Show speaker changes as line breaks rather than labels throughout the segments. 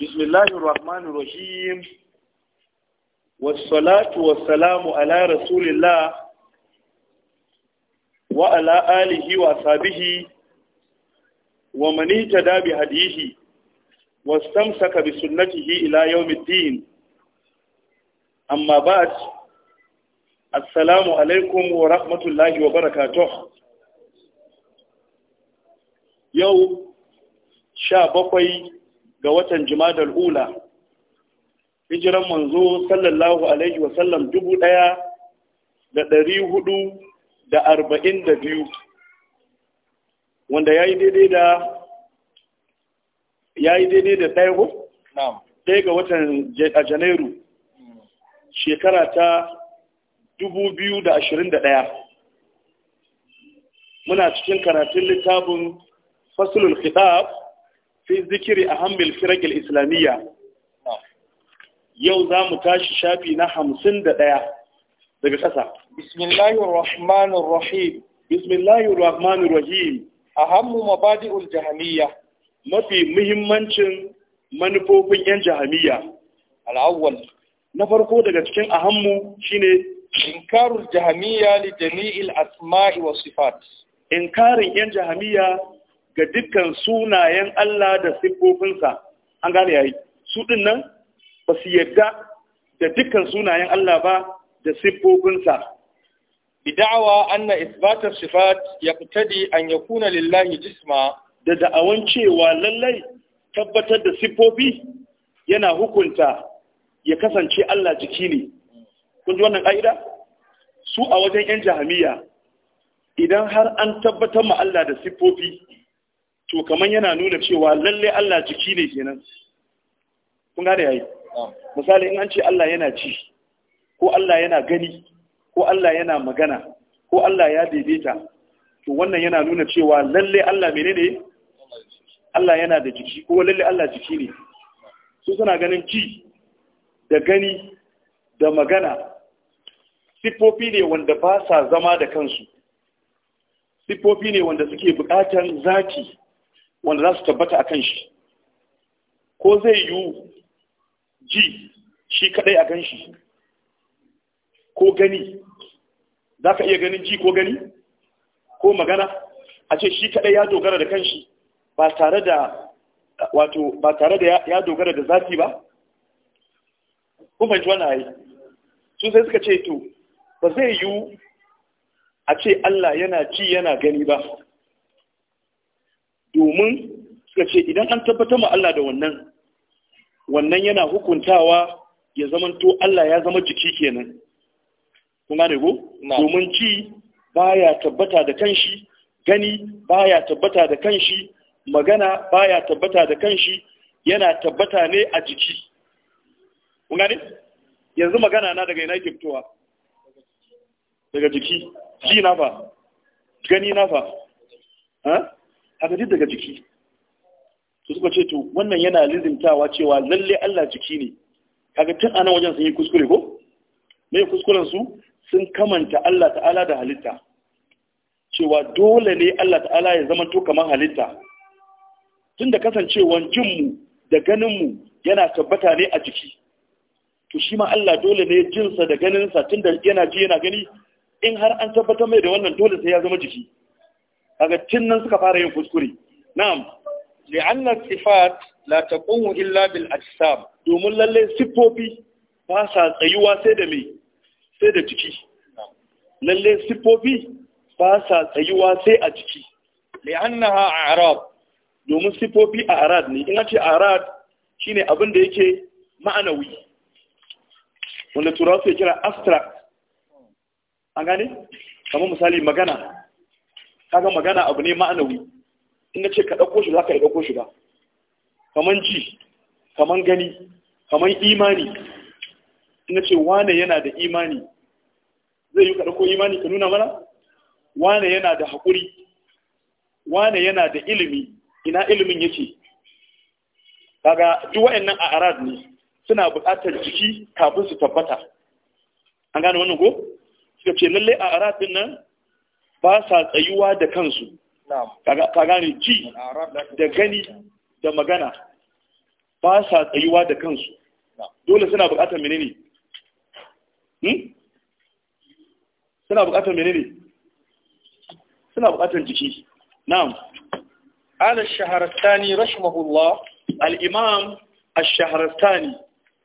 بسم الله الرحمن الرحيم والصلاة والسلام على رسول الله وعلى آله وصحبه ومن اهتدى بهديه واستمسك بسنته إلى يوم الدين أما بعد السلام عليكم ورحمة الله وبركاته يوم sha ga watan jimadar Ula hijiran manzo sallallahu alaihi wa sallam dubu ɗaya da ɗari hudu da arba'in da biyu wanda ya yi daidai da ya yi daidai da daya ko? daya ga watan janairu mm. shekara ta dubu biyu da ashirin da ɗaya muna cikin karatun littafin fasulul khitab fi zikiri a hamil firakil islamiyya yau za mu tashi shafi na hamsin da ɗaya daga ƙasa bismillahir rahmanir rahim bismillahir rahmanir rahim mabadi'ul jahamiyya mafi muhimmancin manufofin yan jahamiyya al'awwal na farko daga cikin ahammu shine inkarul jahamiyya li jami'il asma'i wa sifat inkarin yan jahamiyya ga dukkan sunayen Allah da siffofinsa an gane yayi su din nan ba su yadda da dukkan sunayen Allah ba da siffofinsa bid'awa anna isbat sifat yaqtadi an yakuna lillahi jisma da da'awan cewa lallai tabbatar da siffofi yana hukunta ya kasance Allah jiki ne kun ji wannan ka'ida. su a wajen 'yan jahamiya idan har an tabbatar ma Allah da siffofi to kamar yana nuna cewa lalle Allah jiki ne kenan kun gane yayi misali in an ce Allah yana ci, ko Allah yana gani ko Allah yana magana ko Allah ya daidaita to wannan yana nuna cewa lalle Allah menene Allah yana da jiki ko lalle Allah jiki ne su suna ganin ci da gani da magana Sifofi ne wanda ba sa zama da kansu Sifofi ne wanda suke bukatan zaki wanda za su tabbata a kan shi ko zai yi ji shi kadai a kan shi ko gani za ka iya ganin ji ko gani ko magana a ce shi kadai ya dogara da kanshi ba tare da wato ba tare da ya dogara da zafi ba kun fahimci wannan ayi sun sai suka ce to ba zai yi a ce Allah yana ji yana gani ba domin suka ce idan an tabbatar ma Allah da wannan wannan yana hukuntawa ya zama to Allah ya zama jiki kenan kun gane ko domin ci baya tabbata da kanshi gani baya tabbata da kanshi magana baya tabbata da kanshi yana tabbata ne a jiki kun gane yanzu magana na daga ina ke fitowa daga jiki ji na fa gani na fa ha kaga daga jiki to suka ce to wannan yana lizintawa cewa lalle Allah jiki ne kaga tun anan wajen sun yi kuskure ko me kuskuren su sun kamanta Allah ta'ala da halitta cewa dole ne Allah ta'ala ya zama to kamar halitta tunda kasancewan mu da ganin mu yana tabbata ne a jiki to shi ma Allah dole ne jinsa da ganinsa tunda yana ji yana gani in har an tabbatar mai da wannan dole sai ya zama jiki Daga cin nan suka fara yin kuskure na'am anna sifat la taqumu illa bil ajsam domin lalle sifofi ba sa tsayuwa sai da me sai da jiki lalle sifofi ba sa tsayuwa sai a jiki li'annaha a'rab domin sifofi a'rad ne in ce a'rad shine abin da yake ma'anawi wanda turawa suke kira abstract an gane kamar misali magana kaga magana abu ne ma'anawi in na ce ka ɗauko shi za ka yi ɗauko shi ba kaman ji kaman gani kaman imani in na ce wane yana da imani zai yi ka ɗauko imani ka nuna mana wane yana da haƙuri wane yana da ilimi ina ilimin yake kaga duk wa'annan a arad ne suna buƙatar jiki kafin su tabbata an gane wannan ko suka ce lallai a arad din nan ba sa tsayuwa da kansu ka gane ji da gani da magana ba sa tsayuwa da kansu dole suna bukatar hmm? menene suna bukatar menene suna bukatar jiki na'am ala shaharastani rahimahullah al'imam a ash-shaharastani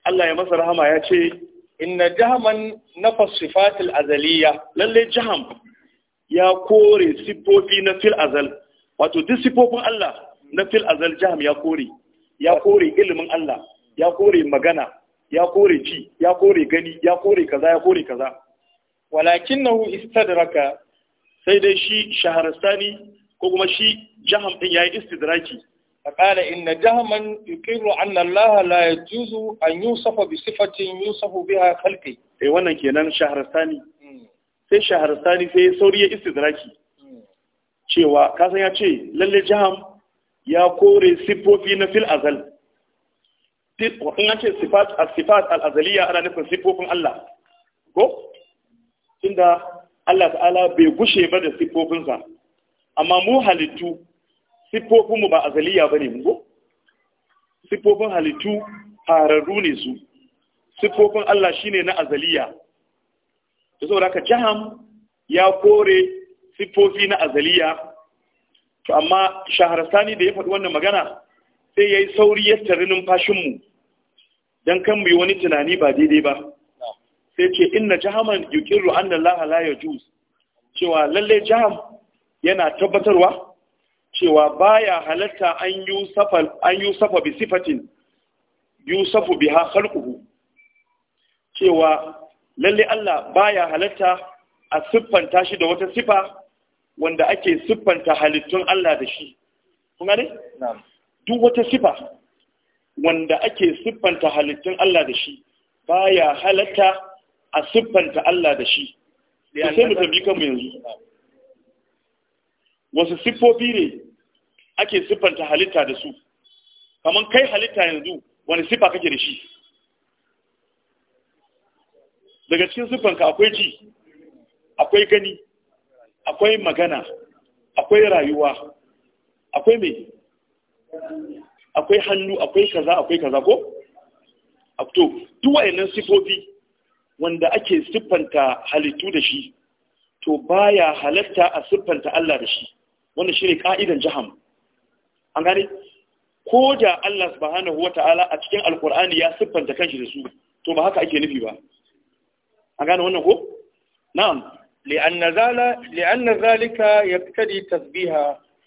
Allah ya masa rahama ya ce inna jahaman nafas sifatil azaliya lalle jaham ya kore sifofi na fil azal wato duk siffofin Allah na fil azal jaham ya kore ya kore ilimin Allah ya kore magana ya kore ci ya kore gani ya kore kaza ya kore kaza walakinahu istadraka sai dai shi shaharastani ko kuma shi jaham din yayi istidraki فقال inna jahman yuqiru anna Allah la yajuzu an yusafa bi sifatin yusafu biha khalqi وانا eh, wannan kenan ثاني sai shahar sani sai sauri ya istidraki cewa kasan ya ce lalle jiham ya kore siffofi na fil azal in an ce sifat al-azaliya ana nufin siffofin Allah ko inda Allah ta'ala bai gushe ba da siffofinsa amma mu halittu siffofinmu ba azaliya ba ne mu siffofin halittu fararru ne su siffofin Allah shine na azaliya Da saboda haka jaham ya kore siffofi na azaliya to amma Sani da ya faɗi wannan magana sai ya yi sauri ya tari numfashinmu don kan mu yi wani tunani ba daidai ba sai ce inna jahaman yuqirru da lahala ya yajuz cewa lallai jaham yana tabbatarwa cewa baya halatta an yi safa bi sifatin yusafu biha khalquhu cewa lalle Allah baya halatta a siffanta shi da wata sifa wanda ake siffanta halittun Allah da shi kuma ne duk wata sifa wanda ake siffanta halittun Allah da shi baya halatta a siffanta Allah da shi sai mu tambi kanmu yanzu wasu siffofi ne ake siffanta halitta da su kamar kai halitta yanzu wani siffa kake da shi daga cikin siffanka akwai ji akwai gani akwai magana akwai rayuwa akwai mai akwai hannu akwai kaza akwai kaza ko to duk wayannan sifofi wanda ake siffanta halittu da shi to baya halatta a siffanta Allah da shi wanda shi ne ka'idan jiham an gane ko da Allah subhanahu ta'ala a cikin alkur'ani ya siffanta kanshi da su to ba haka ake nufi ba a gane wannan ko na'am li'anna zala li'anna zalika yaqtadi tasbiha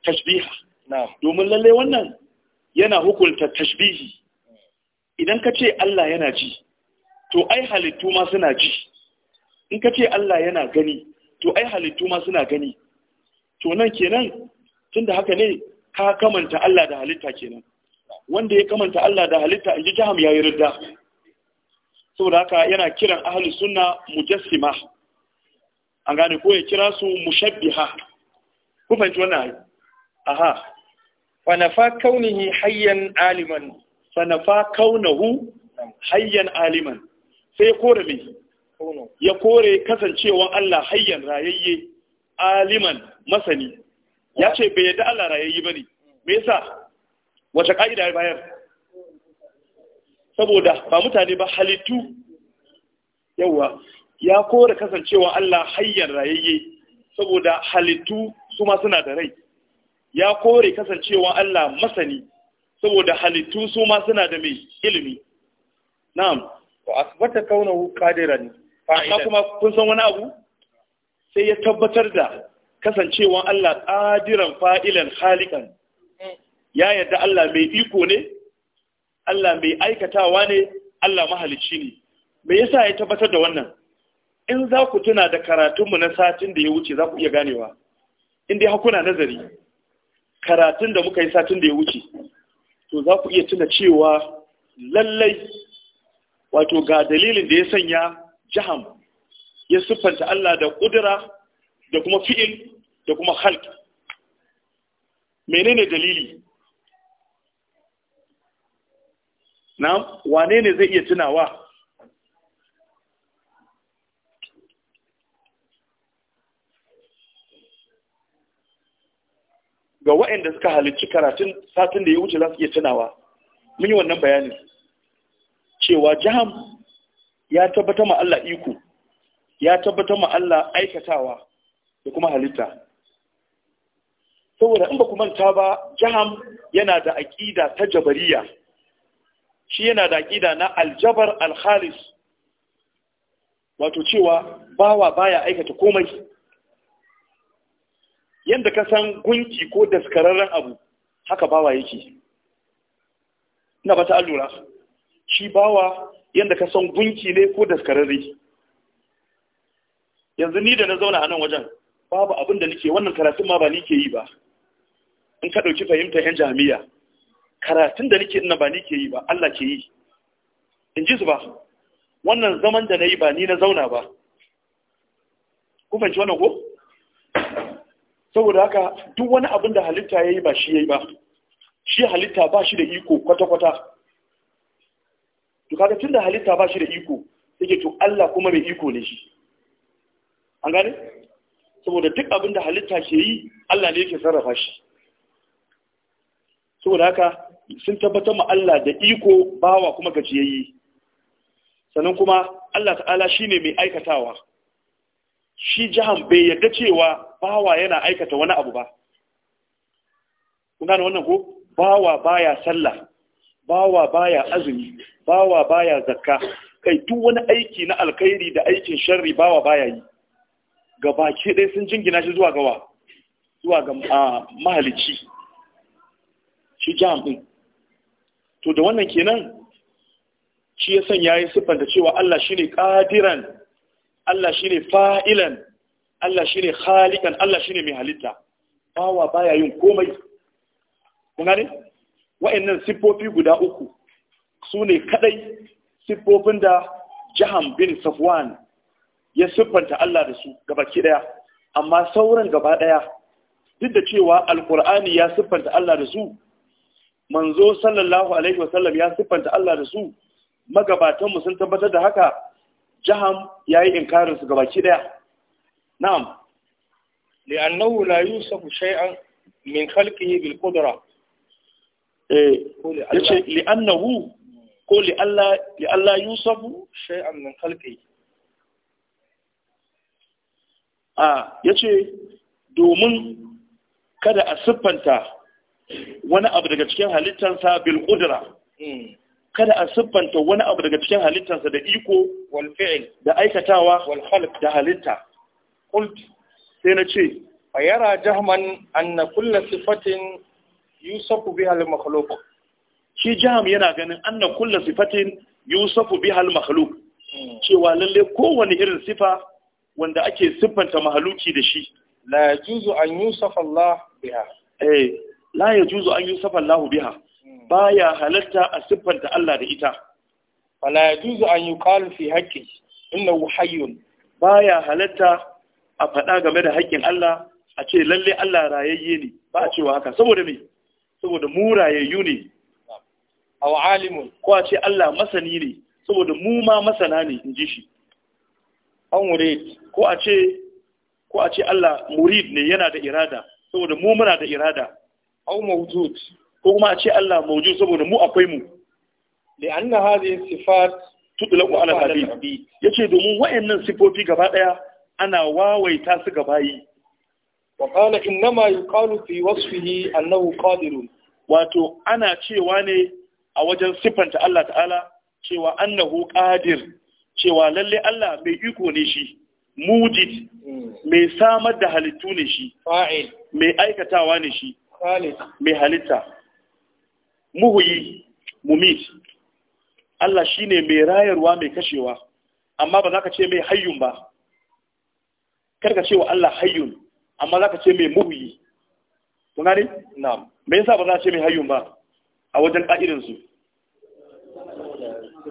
tashbiha na'am domin lalle wannan yana hukunta tashbihi idan ka ce Allah yana ji to ai halittu ma suna ji in ka ce Allah yana gani to ai halittu ma suna gani to nan kenan da haka ne ka kamanta Allah da halitta kenan wanda ya kamanta Allah da halitta in ji jaham ya yi ridda saboda haka yana kiran ahli sunna mujassima an gane ko ya kira su mushabbiha ku fahimci wannan ayi aha fa nafa kaunihi hayyan aliman fa nafa kaunahu hayyan aliman sai ya kore me ya kore kasancewan Allah hayyan rayayye aliman masani ya ce bai yadda Allah rayayye bane me yasa wace ka'ida ya bayar saboda ba mutane ba halittu yawa ya kore kasancewa Allah hayyar rayayye saboda halittu su ma suna da rai ya kore kasancewa Allah masani saboda halittu su ma suna da mai ilimi na'am wa asbata kaunahu qadiran amma kuma kun san wani abu sai ya tabbatar da kasancewa Allah qadiran fa'ilan khaliqan eh. ya yarda Allah mai iko ne Allah mai aikatawa ne Allah mahalicci ne me yasa ya tabbatar da wannan in za ku tuna da karatunmu na satin da ya wuce za ku iya ganewa in dai hakuna nazari karatun da muka yi satin da ya wuce to za ku iya tuna cewa lallai wato ga dalilin da ya sanya jaham ya siffanta Allah da ƙudura da kuma fi'il da kuma halk menene dalili na wane ne zai iya tunawa ga waɗanda suka halicci karatun satin da ya wuce za su iya tunawa mun yi wannan bayanin cewa jiham ya tabbata ma Allah iko ya tabbata ma Allah aikatawa da kuma halitta saboda in ba ku manta ba jiham yana da aƙida ta jabariya shi yana da aqida na aljabar alkhalis wato cewa bawa baya aikata komai yanda ka san gunki ko daskararren abu haka bawa yake ina ba ta allura shi bawa yanda ka san gunki ne ko daskararre yanzu ni da na zauna a nan wajen babu abin da nake wannan karatun ma ba ni ke yi ba in ka ɗauki fahimtar 'yan jami'a karatun da nake ina ba ni ke yi ba Allah ke yi in ji su ba wannan zaman da na yi ba ni na zauna ba ku fahimci wannan ko saboda haka duk wani abin da halitta ya yi ba shi ya yi ba shi halitta ba shi da iko kwata-kwata to da halitta ba shi da iko yake to Allah kuma mai iko ne shi an gane saboda duk abin da halitta ke yi Allah ne yake sarrafa shi saboda haka sun tabbatar ma Allah da iko bawa kuma gajiyayi. sannan kuma Allah ta'ala shine mai aikatawa shi jahan bai yadda cewa bawa yana aikata wani abu ba kun gane wannan ko bawa baya sallah bawa baya azumi bawa baya zakka kai duk wani aiki na alkhairi da aikin sharri bawa baya yi gabaki ɗaya sun jingina shi zuwa gawa zuwa ga ah, mahalici shi jam to da wannan kenan shi ya sanya ya siffanta cewa Allah shine qadiran Allah shine fa'ilan Allah shine khaliqan Allah shine mai halitta bawa baya yin komai kun gane wa'annan siffofi guda uku sune kadai siffofin da Jahan bin Safwan ya siffanta Allah da su gabaki daya amma sauran gaba daya duk da cewa alkur'ani ya siffanta Allah da su manzo sallallahu alaihi wasallam ya siffanta Allah da su magabatanmu sun tabbatar da haka jaham ya yi inkarin su gabaki daya na'am annahu la yusafu shay'an min khalqihi bil qudra eh yace li'annahu ko li Allah yusafu shay'an min khalqihi ah yace domin kada a siffanta wani abu daga cikin halittansa bil qudra hmm. kada a siffanta wani abu daga cikin halittansa da iko da aikatawa da halitta qult sai na ce fayara jahman anna kulla sifatin yusafu biha al makhluq shi jaham yana ganin anna kulla sifatin yusafu biha al makhluq hmm. cewa lalle kowane irin sifa wanda ake siffanta mahaluki da shi la yajuzu an yusafa Allah biha eh, la ya juzu an yusafa Allah biha baya halatta a siffanta Allah da ita wala ya juzu an yuqalu fi haqqi innahu hayyun baya halatta a faɗa game da haƙƙin Allah a ce lalle Allah rayayye ne ba a cewa haka saboda me saboda mu rayayyu ne aw alimun ko a ce Allah masani ne saboda mu ma masana ne in ji shi an wure. ko a ce ko a ce Allah murid ne yana da irada saboda mu muna da irada au mawjud ko kuma a ce Allah maujud saboda mu akwai mu na hadhihi sifat tutlaqu ala al Ya yace domin wayannan sifofi gaba daya ana wawaita su gaba yi wa qala ma yuqalu fi wasfihi annahu qadirun wato ana cewa ne a wajen sifanta Allah ta'ala cewa annahu qadir cewa lalle Allah mai iko ne shi mujid mai samar da halittu ne shi mai aikatawa ne shi mai halitta muhuyi mumit Allah shine mai rayarwa mai kashewa amma ba za ka ce mai hayyun ba Kar ka ce wa Allah hayyun amma za ka ce mai muhuyi kun gane? na'am me yasa ba za ka ce mai hayyun ba a wajen ƙa'irinsu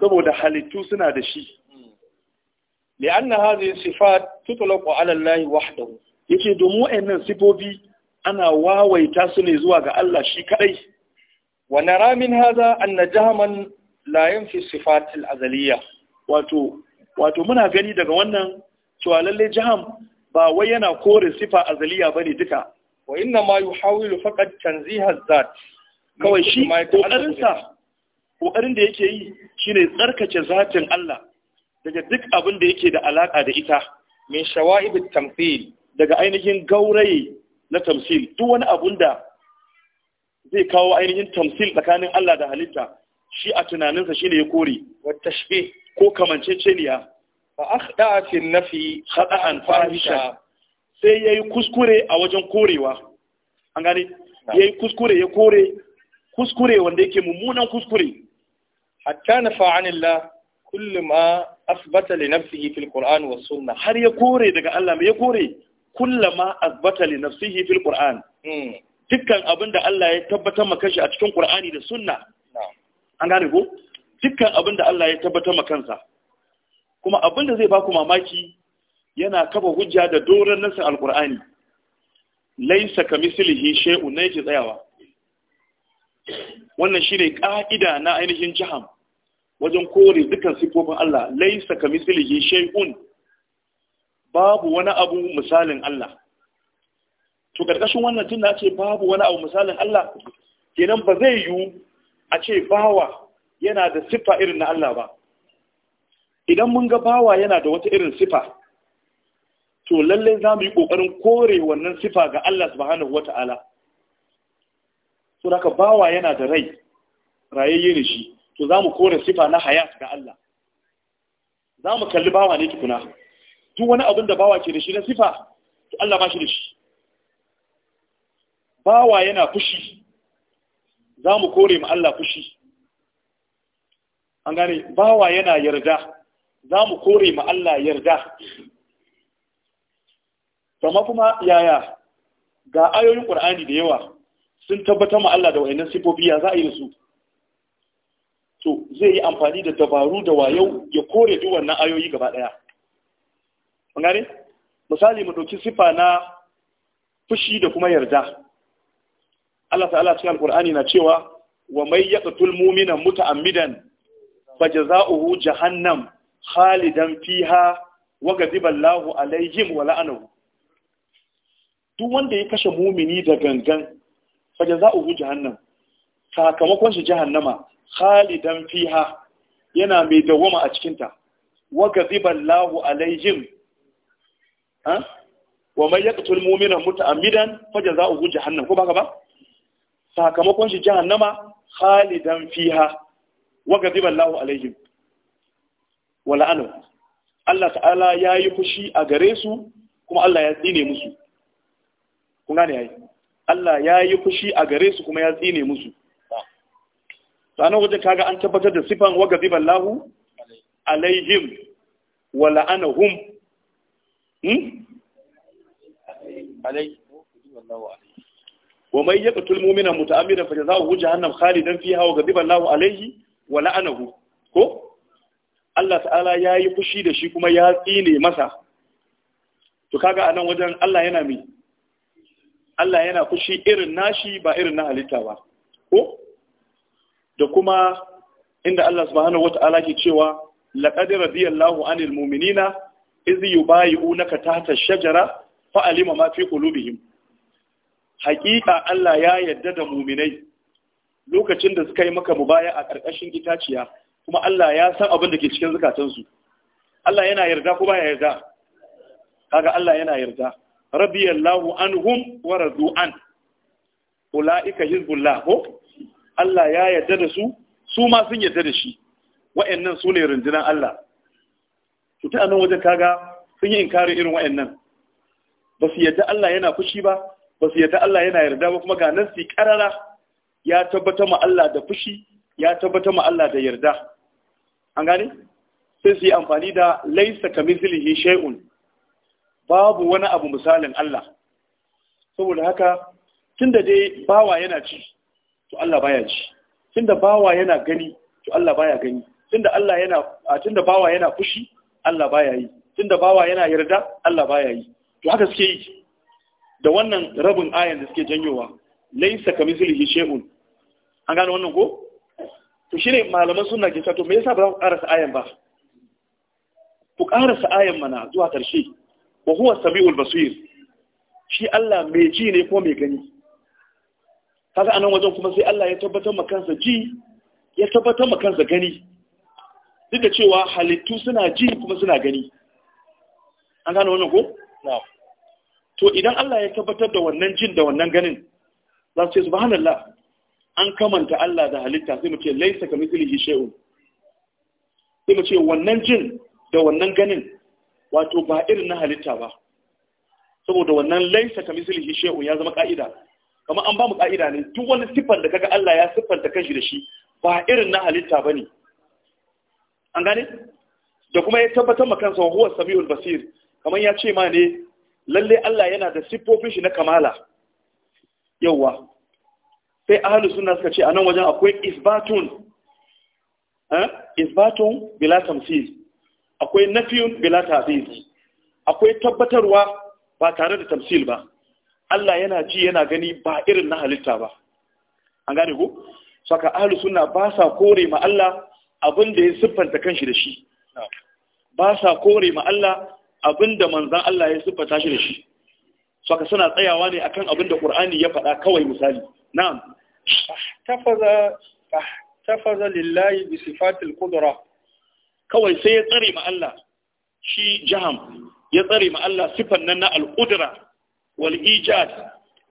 saboda halittu suna da shi li'anna hadhihi sifat tutlaqu 'ala Allah wahdahu yace domin wayannan sifofi ana wawaita su ne zuwa ga Allah shi kadai Wani ramin haza hadha anna jahman la yanfi sifat al wato wato muna gani daga wannan cewa lalle jaham ba wai yana kore sifa azaliya ne duka wa inna ma yuhawilu faqat tanziha zat kawai shi kokarin da yake yi shine tsarkake zatin Allah daga duk abin da yake da alaƙa da ita min shawa'ib at daga ainihin gaurayi na tamsil duk wani abun da zai kawo ainihin tamsil tsakanin Allah da halitta shi a tunaninsa shine ya kore Wata tashbih ko kamanceceniya fa akhda fi nafi khata'an fahisha sai yayi kuskure a wajen korewa an Ya yi kuskure ya kore kuskure wanda yake mummunan kuskure hatta nafa kullum kullu ma asbata li nafsihi fil qur'an wasu sunnah har ya kore daga Allah me ya kore kullama azbata li nafsihi fil qur'an hmm. dukkan abin da Allah ya tabbatar maka shi a cikin qur'ani da sunna an gane ko dukkan abin da Allah ya tabbatar maka kansa kuma abin da zai ba ku mamaki yana kafa hujja da doron nasin alqur'ani laysa kamislihi shay'un ne yake tsayawa wannan shine ka'ida na ainihin jaham wajen kore dukkan sifofin Allah laysa kamislihi shay'un babu wani abu misalin Allah to ƙarƙashin wannan tunda da ce babu wani abu misalin Allah kenan ba zai yiwu a ce bawa yana da sifa irin na Allah ba idan mun ga bawa yana da wata irin sifa, to lallai za mu yi ƙoƙarin kore wannan sifa ga Allah subhanahu wata'ala To haka bawa yana da rai rayayye ne shi to za mu kore sifa na hayat ga Allah za mu kalli bawa ne tukuna duk wani abin da bawa ke da shi na sifa to Allah ba shi da shi bawa yana fushi za mu kore ma Allah fushi an gane bawa yana yarda za mu kore ma Allah yarda kama kuma yaya ga ayoyin ƙur'ani da yawa sun tabbatar ma Allah da wayannan sifofi ya za a yi da su to zai yi amfani da dabaru da wayo ya kore duk ayoyi gaba ɗaya mun misali mu ɗauki sifa na fushi da kuma yarda Allah ta'ala cikin Alƙur'ani na cewa wa mai ƙatul mu'mina muta'ammidan fajza'uhu jahannam khalidan fiha wa ghadiba Allahu alaihim wa la'anahu duk wanda ya kashe mumini da gangan fajza'uhu jahannam sakamakon shi jahannama khalidan fiha yana mai dawama a cikinta wa ghadiba Allahu alaihim wa mai ya ƙatul mumina muta'ammidan fajar za a guji hannun ko baka ba sakamakon shi jahannama khalidan fiha wa gadiba Allahu alaihim wa la'anu Allah ta'ala ya yi fushi a gare su kuma Allah ya tsine musu kun gane yi? Allah ya yi fushi a gare su kuma ya tsine musu sanan wajen kaga an tabbatar da sifan wa gadiba Allahu alaihim wa la'anahum Hmm? wa mai yaka tulmomina muta'amidan fa jazaohu jahannam khalidan fiha wa ghadiba Allahu alayhi wa la'anahu ko Allah ta'ala ya yi fushi da shi kuma ya tsine masa to kaga a nan wajen Allah yana mi Allah yana fushi irin nashi ba irin na halitta ba ko da kuma inda Allah subhanahu wata'ala ke cewa laqad radiyallahu anil mu'minina iz yubayi'unaka tahta shajara fa alima ma fi qulubihim haqiqa Allah ya yadda da mu'minai lokacin da suka yi maka mubaya a ƙarƙashin itaciya kuma Allah ya san abin da ke cikin zukatansu Allah yana yarda ko baya yarda kaga Allah yana yarda rabbiyallahu anhum wa radu an ulaika hizbullah ko Allah ya yarda da su su ma sun yarda da shi wa'annan su ne rundunar Allah Fita a nan wajen kaga sun yi inkari irin wa'annan ba su yadda Allah yana fushi ba ba su yadda Allah yana yarda ba kuma ga nan su karara ya tabbata ma Allah da fushi ya tabbata ma Allah da yarda an gane sai su yi amfani da laisa kamithlihi shay'un babu wani abu misalin Allah saboda haka tunda dai bawa yana ci to Allah baya ci tunda bawa yana gani to Allah baya gani tunda Allah yana tunda bawa yana fushi Allah ba ya yi tunda bawa yana yarda Allah ba ya yi to haka suke yi da wannan rabin ayan da suke janyowa laisa kamithlihi shehun, an gane wannan ko to shi ne malaman suna ke sato me yasa ba ku ƙarasa ayan ba ku ƙarasa ayan mana zuwa karshe wa huwa samiul basir shi Allah mai ji ne ko mai gani kaga anan wajen kuma sai Allah ya tabbatar ma kansa ji ya tabbatar ma kansa gani duk da cewa halittu suna ji kuma suna gani an gane wannan ko to idan Allah ya tabbatar da wannan jin da wannan ganin za su ce subhanallah an kamanta Allah da halitta sai mu ce laisa kamithlihi shay'un sai mu ce wannan jin da wannan ganin wato ba irin na halitta ba saboda wannan laisa kamithlihi shay'un ya zama ka'ida kamar an ba mu ka'ida ne duk wani sifar da kaga Allah ya siffanta kanshi da shi ba irin na halitta bane an gane da kuma ya tabbatar ma kansa huwa samiul basir kamar ya ce ma ne lalle Allah yana da siffofin shi na kamala yawa sai ahlu sunna suka ce anan wajen akwai isbatun eh isbatun bila tamthil akwai nafiyun bila ta'dil akwai tabbatarwa ba tare da tamthil ba Allah yana ji yana gani ba irin na halitta ba an gane ko saka ahlu sunna ba sa kore ma Allah abin da ya siffanta kanshi da shi ba sa kore ma Allah abin da manzan Allah ya siffanta shi da shi saka suna tsayawa ne akan abin da Qur'ani ya faɗa kawai misali na'am tafaza tafaza lillahi bi sifatil qudra kawai sai ya tsare ma Allah shi jaham ya tsare ma Allah siffan nan na al-qudra wal ijad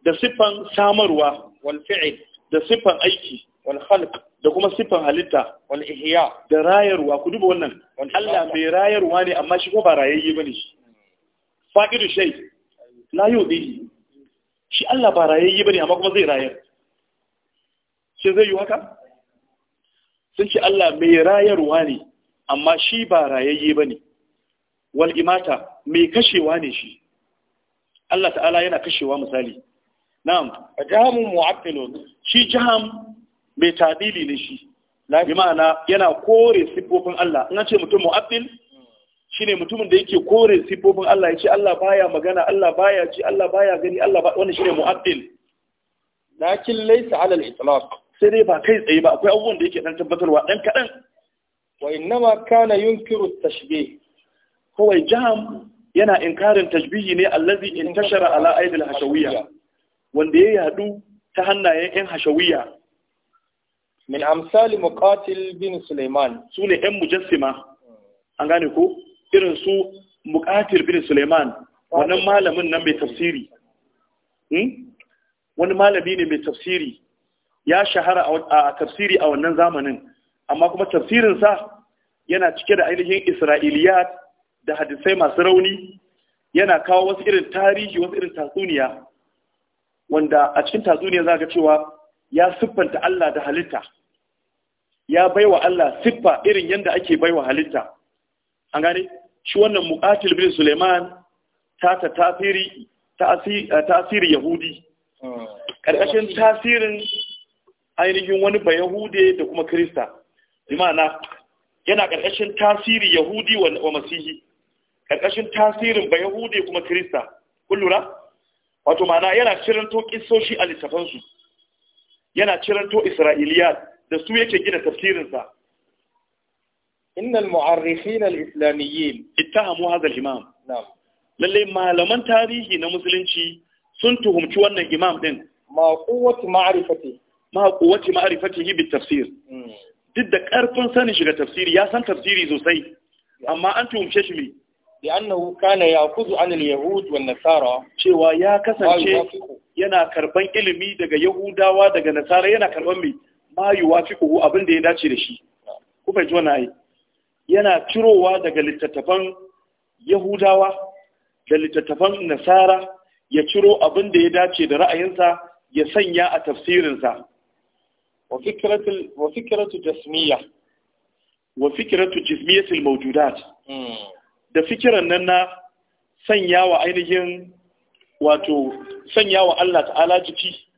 da siffan samarwa wal fi'l da siffan aiki wal khalq da kuma siffan halitta Wani ihya da rayarwa ku duba wannan Allah mai rayarwa ne amma shi kuma ba rayayye bane shi faqidu shay la yudi shi Allah ba rayayye bane amma kuma zai rayar shi zai yi haka sun ce Allah mai rayarwa ne amma shi ba rayayye bane wal imata mai kashewa ne shi Allah ta'ala yana kashewa misali na'am jahamun mu'attilun shi jaham mai tabili ne shi bi ma'ana yana kore siffofin Allah in ce mutum mu'abdil shine mutumin da yake kore siffofin Allah yace Allah baya magana Allah baya ji Allah baya gani Allah ba wannan shine mu'abdil lakin laysa 'ala al-itlaq sai dai ba kai tsaye ba akwai abubuwan da yake dan tabbatarwa dan kadan wa innama kana yunkiru at-tashbih kawai jam yana inkarin tashbihi ne allazi intashara ala aidil hashawiyya wanda ya yadu ta hannayen yan hashawiyya min amsali muqatil bin Sulaiman su ne ƴan mujassima an gane ko irin su muqatil bin Sulaiman wannan malamin nan mai tafsiri hmm? wani malami ne mai tafsiri ya shahara a tafsiri a wannan zamanin amma kuma tafsirinsa yana cike da ainihin isra'iliyat da hadisai masu rauni yana kawo wasu irin tarihi wasu irin tatsuniya wanda a cikin tatsuniya za ga cewa ya siffanta Allah da halitta ya baiwa Allah siffa irin yadda ake baiwa halitta an gane shi wannan muqatil bin Suleiman ta ta tasiri tasiri yahudi karkashin tasirin ainihin wani ba yahude da kuma krista imana yana karkashin tasiri yahudi wa masihi karkashin tasirin ba yahude kuma krista kullura wato mana yana ciranto kissoshi a littafansu yana ciranto isra'iliyat da su yake gina tafsirinsa innal mu'arrikhin al-islamiyyin ittahamu hadha al-imam na'am lalle malaman tarihi na musulunci sun tuhumci wannan imam din ma quwwati ma'rifati ma quwwati ma'rifatihi bi tafsir hmm. duk da karfin sanin shiga tafsiri ya san tafsiri sosai amma an tuhumce shi me bi annahu kana ya'khudhu 'an al-yahud wa nasara cewa ya kasance yana karban ilimi daga yahudawa daga nasara yana karban me ma yuwafiquhu abin da ya dace da shi ku fahimci wannan ai yana cirowa daga littattafan yahudawa da littattafan nasara ya ciro abin da ya dace da ra'ayinsa ya sanya a tafsirinsa wa fikratu wa fikratu tasmiya wa fikratu jismiyatil mawjudat da fikiran nan na sanya wa ainihin wato sanya wa Allah ta'ala jiki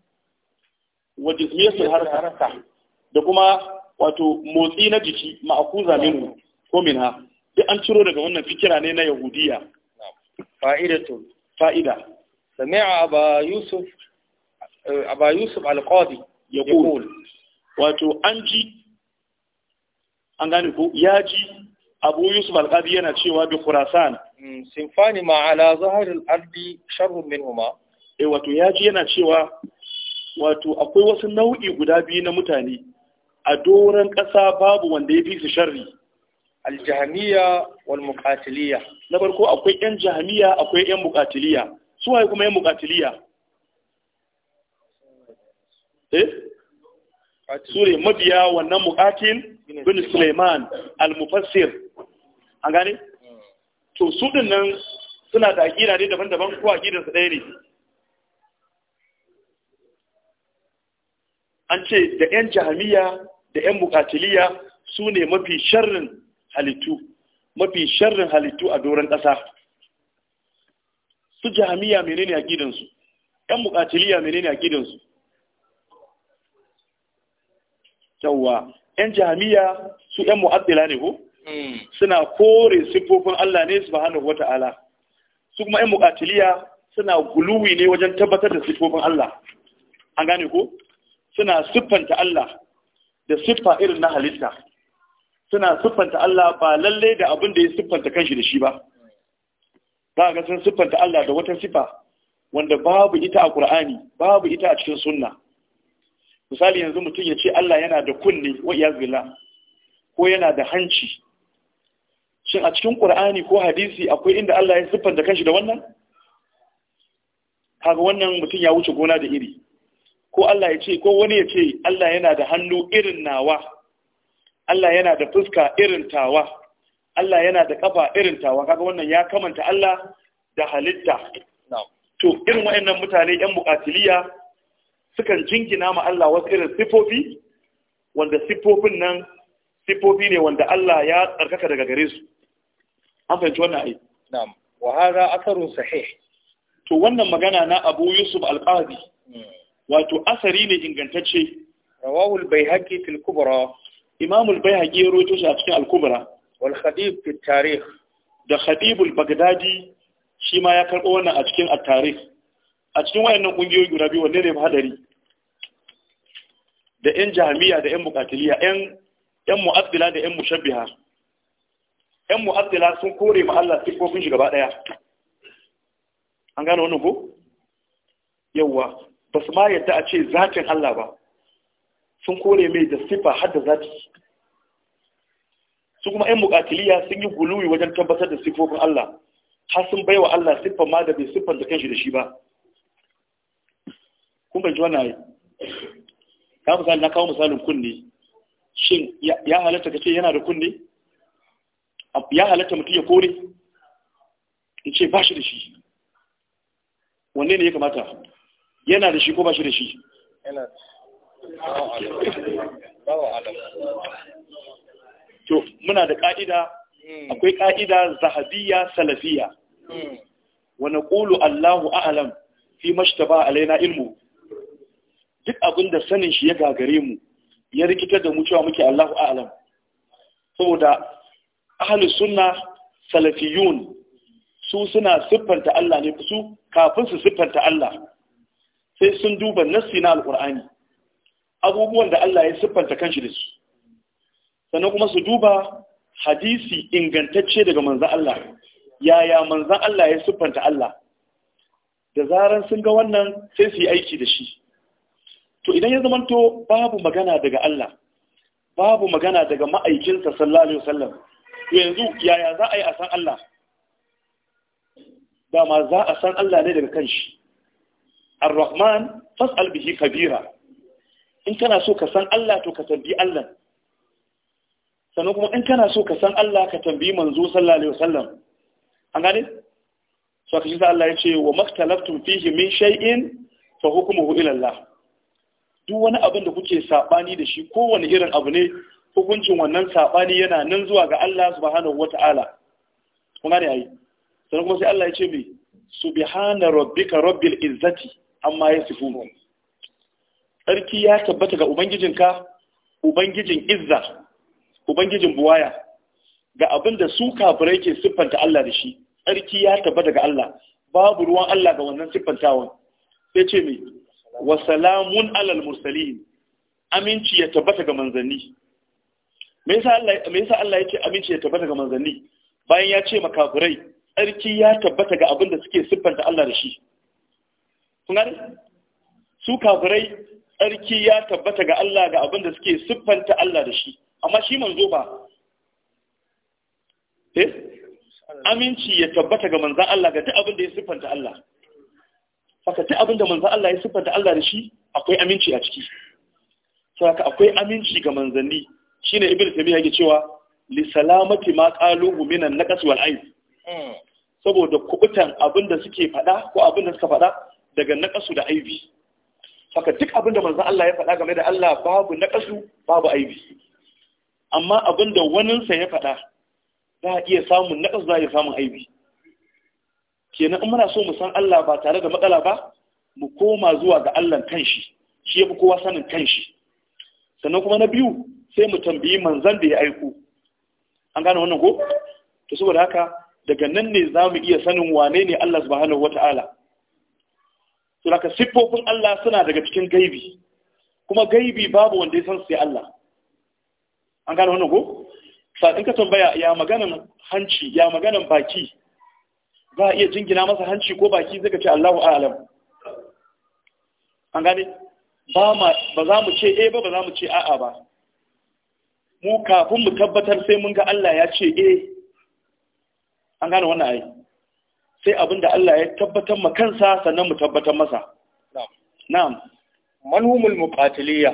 wa jismiyatul haraka da kuma wato motsi na jiki ma'akuza minhu ko ha duk an ciro daga wannan fikira ne na yahudiya fa'idatu fa'ida sami'a aba yusuf eh, aba yusuf al-qadi yaqul wato an ji an gane ko ya ji abu yusuf al-qadi yana cewa bi khurasan hmm, sinfani ma ala zahir al-ardi sharrun minhuma eh wato ya ji yana cewa wato akwai wasu nau'i guda biyu na mutane a doron ƙasa babu wanda ya fi su sharri aljahamiya wal muqatiliya na farko akwai yan jahamiya akwai yan muqatiliya su waye kuma yan muqatiliya eh sure mabiya wannan muqatil bin Sulaiman al-mufassir an gane hmm. to su dinnan suna da aqida ne daban-daban ko aqidar su ɗaya ne an ce da 'yan jahamiya da 'yan bukatiliya su ne mafi sharrin halittu mafi sharrin halittu a doron ƙasa su jahamiya menene aƙidansu 'yan mukatiliya menene aƙidansu yawwa 'yan jahamiya su 'yan mu'addila ne ko hmm. suna kore siffofin Allah ne su subhanahu wata'ala su kuma 'yan mukatiliya suna guluwi ne wajen tabbatar da siffofin Allah an gane ko suna siffanta Allah da siffa irin na halitta suna siffanta Allah ba lalle da abin da ya siffanta kanshi da shi ba ba ga sun siffanta Allah da wata siffa wanda babu ita a Qur'ani babu ita a cikin sunna misali yanzu mutum ya ce Allah yana da kunne wa yazila ko yana da hanci shin a cikin Qur'ani ko hadisi akwai inda Allah ya siffanta kanshi da wannan kaga wannan mutum ya wuce gona da iri ko Allah ya ce ko wani ya ce Allah yana da hannu irin nawa Allah yana da fuska irin tawa Allah yana da kafa irin tawa kaga wannan ya kamanta Allah da halitta to irin waɗannan mutane yan muqatiliya sukan jingina ma Allah wasu irin sifofi wanda sifofin nan sifofi ne wanda Allah ya tsarkaka daga gare su an fahimci wannan ai na'am wa hadha asarun sahih to wannan magana na Abu Yusuf Al-Qadi hmm. wato asari ne ingantacce rawahu al-baihaqi fil kubra imam al-baihaqi ya rawaito shi a cikin al-kubra wal khatib fi tarikh da khatib al-baghdadi shi ma ya karbo wannan a cikin at-tarikh a cikin wayannan kungiyoyi guda biyu wanne ne hadari da yan jahmiya da yan muqatiliya yan yan mu'addila da yan mushabbiha yan mu'addila sun kore ma Allah sifofin shi gaba daya an gane wannan ko yawwa ba su ma yadda a ce zatin Allah ba sun kore mai da sifa har da zati su kuma 'yan bukatiliya sun yi guluwi wajen tabbatar da sifofin Allah har sun baiwa Allah siffan ma da bai siffan da kanshi da shi ba kun ji wannan ayi ka misali na kawo misalin kunne shin ya halatta ka ce yana da kunne ya halatta mutum ya kore in ce ba shi da shi wanne ne ya kamata yana da shi ko ba shi da shi to muna da ƙa'ida hmm. akwai ƙa'ida zahabiyya salafiyya hmm. wa naqulu Allahu a'lam fi mashtaba alaina ilmu duk abinda sanin shi ya gagare mu ya rikitar da mu cewa muke Allahu a'lam saboda ahli sunna salafiyun su suna siffanta Allah ne su kafin su siffanta Allah sai sun duba nassi na alkur'ani abubuwan da Allah ya siffanta kanshi da su sannan kuma su duba hadisi ingantacce daga manzan Allah yaya manzan Allah ya siffanta Allah da zaran sun ga wannan sai su yi aiki da shi to idan ya zamanto babu magana daga Allah babu magana daga ma'aikinsa sallallahu alaihi wasallam yanzu yaya za a yi a san Allah dama za a san Allah ne daga kanshi ar-rahman fas'al bihi kabira in kana so ka san Allah to ka tambi Allah sannan kuma in kana so ka san Allah ka tambayi manzo sallallahu alaihi wasallam an gane so kashi da Allah ya ce wa maktalaftum fihi min shay'in fa hukmuhu ila Allah duk wani abin da kuke sabani da shi kowane irin abu ne hukuncin wannan sabani yana nan zuwa ga Allah subhanahu wata'ala kun gane ayi sannan kuma sai Allah ya ce bi subhana rabbika rabbil izzati amma ya sifu tsarki ya tabbata ga ubangijinka ubangijin izza ubangijin buwaya ga abin da su kafirai ke siffanta Allah da shi tsarki ya tabbata ga Allah babu ruwan Allah ga wannan siffantawan sai ce mai wa salamun alal mursali aminci ya tabbata ga manzanni me yasa Allah ya ce aminci ya tabbata ga manzanni bayan ya ce makafirai tsarki ya tabbata ga abin da suke siffanta Allah da shi kun su kafirai tsarki ya tabbata ga Allah ga abin da suke siffanta Allah da shi amma shi manzo ba eh aminci ya tabbata ga manzan Allah ga duk abin da ya siffanta Allah saka duk abin da manzan Allah ya siffanta Allah da shi akwai aminci a ciki saka akwai aminci ga manzanni shine ibn tamiya yake cewa li salamati ma qalu minan naqas wal aib hmm. saboda kubutan abin da suke fada ko abin da suka fada daga naƙasu da aibi haka duk abin da manzan Allah ya faɗa game da Allah babu naƙasu babu aibi amma abin da waninsa ya faɗa za a iya samun naƙasu za a iya samun aibi kenan in muna so mu san Allah ba tare da matsala ba mu koma zuwa ga Allah kanshi shi ya fi kowa sanin kanshi sannan kuma na biyu sai mu tambayi manzan da ya aiko an gane wannan ko to saboda haka daga nan ne za mu iya sanin wane ne Allah subhanahu wata'ala saboda siffofin Allah suna daga cikin gaibi kuma gaibi babu wanda ya san sai Allah an gane wannan ko sa din ka tambaya ya maganan hanci ya maganan baki za a iya jingina masa hanci ko baki zai ce Allahu a'lam an gane ba ma ba za mu ce eh ba ba za mu ce a'a ba mu kafin mu tabbatar sai mun ga Allah ya ce eh an gane wannan ai sai abin da Allah ya tabbatar ma kansa sannan mu tabbatar masa na'am manhumul muqatiliya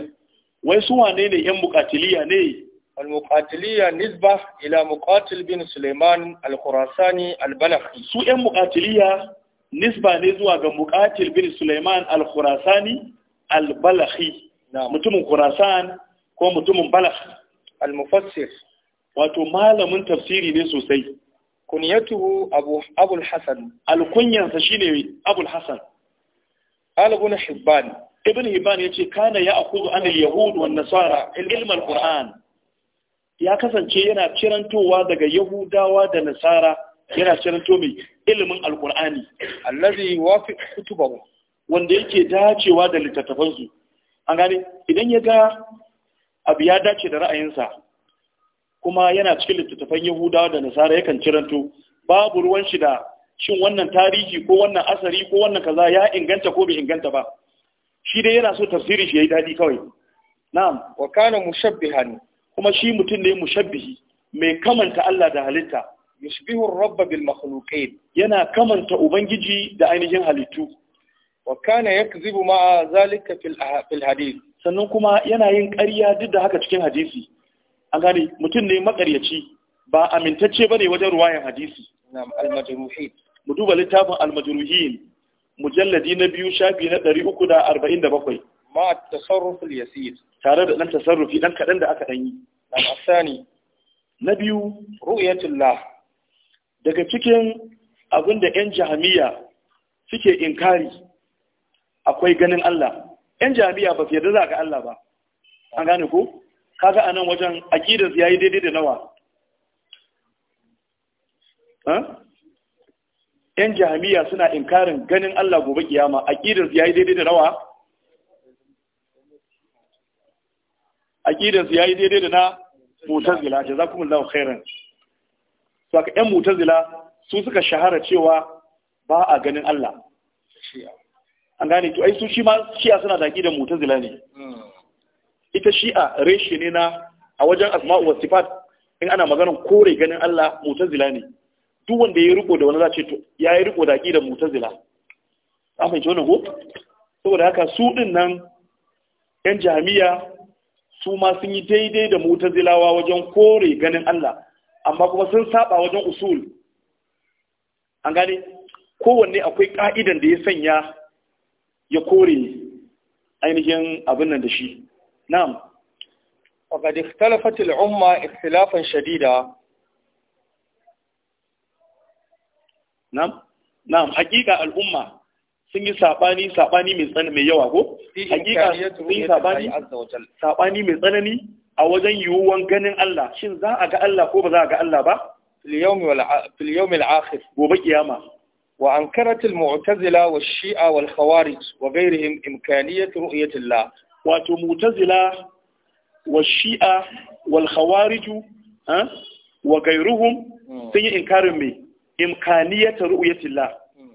wai su wane ne yan muqatiliya ne al muqatiliya nisba ila muqatil bin Suleiman al Khurasani al Balakhi su yan muqatiliya nisba ne zuwa ga muqatil bin Suleiman al Khurasani al Balakhi mutumin Khurasan ko mutumin Balakh al mufassir wato malamin tafsiri ne sosai kunyatuhu abu abul hasan alkunyansa shine abul hasan qala ibn hibban ibn hibban yace kana ya akuzu an al wan nasara ilm al ya kasance yana kirantowa daga yahudawa da nasara yana kiranto mai ilimin alkur'ani allazi wafi kutubahu wanda yake dacewa da littattafansu an gane idan ya ga abu ya dace da ra'ayinsa kuma yana cikin littattafan yahudawa da nasara yakan ciranto babu ruwan shi da shin wannan tarihi ko wannan asari ko wannan kaza ya inganta ko bai inganta ba shi dai yana so tafsirin shi yayi dadi kawai na'am wa kana mushabbihan kuma shi mutum ne mushabbihi mai kamanta Allah da halitta yushbihu ar-rabb bil makhluqin yana kamanta ubangiji da ainihin halittu wa kana yakzibu ma zalika fil hadith sannan kuma yana yin ƙarya duk da haka cikin hadisi an gane mutum ne makaryaci ba amintacce ba ne wajen ruwayan hadisi mu duba littafin almajruhin mujalladi na biyu shafi na ɗari uku da arba'in da bakwai yasir tare da ɗan tasarrufi dan kaɗan da aka ɗan yi na asani na biyu ru'yatullah daga cikin abin da 'yan jahamiya suke inkari akwai ganin Allah 'yan jahamiya ba su yarda za ga Allah ba an gane ko kaga anan wajen aqidar ya yi daidai da nawa yan jami'a suna inkarin ganin Allah gobe kiyama aqidar ya yi daidai da nawa aqidar ya yi daidai da na mutazila jazakumullahu khairan saka yan mutazila su suka shahara cewa ba a ganin Allah an gane to ai su shi ma shi'a suna da aqidar mutazila ne hmm. ita shi'a reshe ne na a wajen asma'u wa sifat in ana maganar kore ganin Allah mutazila ne duk wanda ya riko da wani zace to ya yi riko da aqidar mutazila an fahimci wannan ko saboda haka su din nan yan jami'a su ma sun yi daidai da mutazilawa wajen kore ganin Allah amma kuma sun saba wajen usul an gane kowanne akwai ka'idan da ya sanya ya kore ainihin abin nan da shi na'am faqad ikhtalafat al-umma ikhtilafan shadida na'am na'am hakika al sun yi sabani sabani mai tsanani mai yawa ko hakika sun yi sabani sabani mai tsanani a wajen yiwuwan ganin Allah shin za a ga Allah ko ba za a ga Allah ba fil yawm al-akhir gobe kiyama وأنكرت المعتزلة والشيعة والخوارج وغيرهم إمكانية رؤية الله wato mutazila wa shi'a wal khawariju wa gairuhum hmm. sun yi inkarin mai imkaniyata ru'yatillah hmm.